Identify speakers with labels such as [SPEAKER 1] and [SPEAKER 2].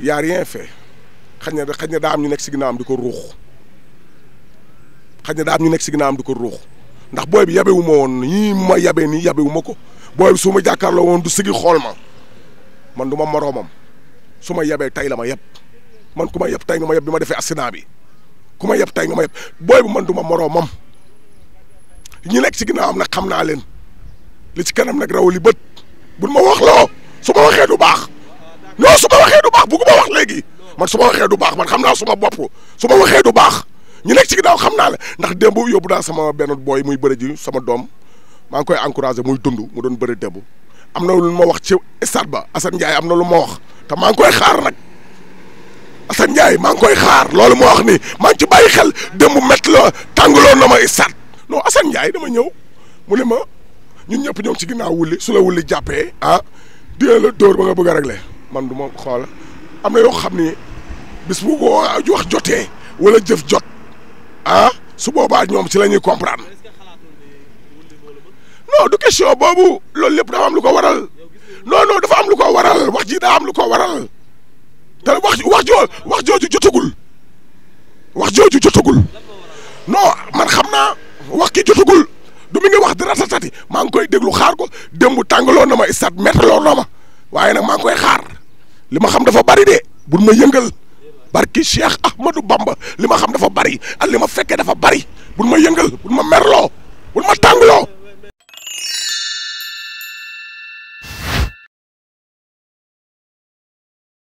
[SPEAKER 1] y a rien fait xañ na xañ na daa am ñu nekk si ginnaawam di ko ruux xañ na ñu nekk si ginnaawam di ko ruux ndax booy bi yabewu ma woon yii ma yabe nii yabewu ma ko booy bi su ma jàkkaarloo woon du sigi xool ma man du ma moroomam su ma yabee tey la ma yeb man ku ma yeb tey ma yeb bi ma defee accident bi ku ma yeb tey nga ma yeb booy bi man du ma moroomam ñi nekk si ginnaawam nag xam naa leen li ci kanam nag raw li bët buñ ma wax loo su waxee du baax gi man su ma waxee du baax man xam naa su ma bopp su ma waxee du baax ñu nekk ci ginnaaw xam naa la ndax démb yóbbu naa sama benn booy muy bëri ji sama doom maa ngi koy encouragé muy dund mu doon bëri démb am na lu ma wax ci stade ba Assane Ndiaye am na lu ma wax te maa ngi koy xaar nag Assane Ndiaye maa ngi koy xaar loolu ma wax ni maa ci bàyyi xel démb métti la tàngaloon na ma stade non Assane Ndiaye dama ñëw mu ne ma ñun ñëpp ñoo ci ginnaaw wulli su la wulli jàppee ah dina la dóor ba nga bëgg a régler man du ma xool am na yoo xam ni bis bu ko wax jotee wala jëf jot ah su boobaa ñoom si la ñuy comprendre non du question boobu loolu lépp dafa am lu ko waral non non dafa am lu ko waral wax ji daa am lu ko waral te wax wax joo wax jooju jotagul wax jooju jotagul non man xam naa wax ki jotagul du mi ngi wax di ratatati maa ngi koy déglu xaar ko démb tàngaloo na ma sat méttaloo na ma waaye nag maa ngi koy xaar. li ma xam dafa bari de bul ma yëngal barki Cheikh Ahmadou Bamba li ma xam dafa bari ak li ma fekkee dafa bari bul ma yëngal.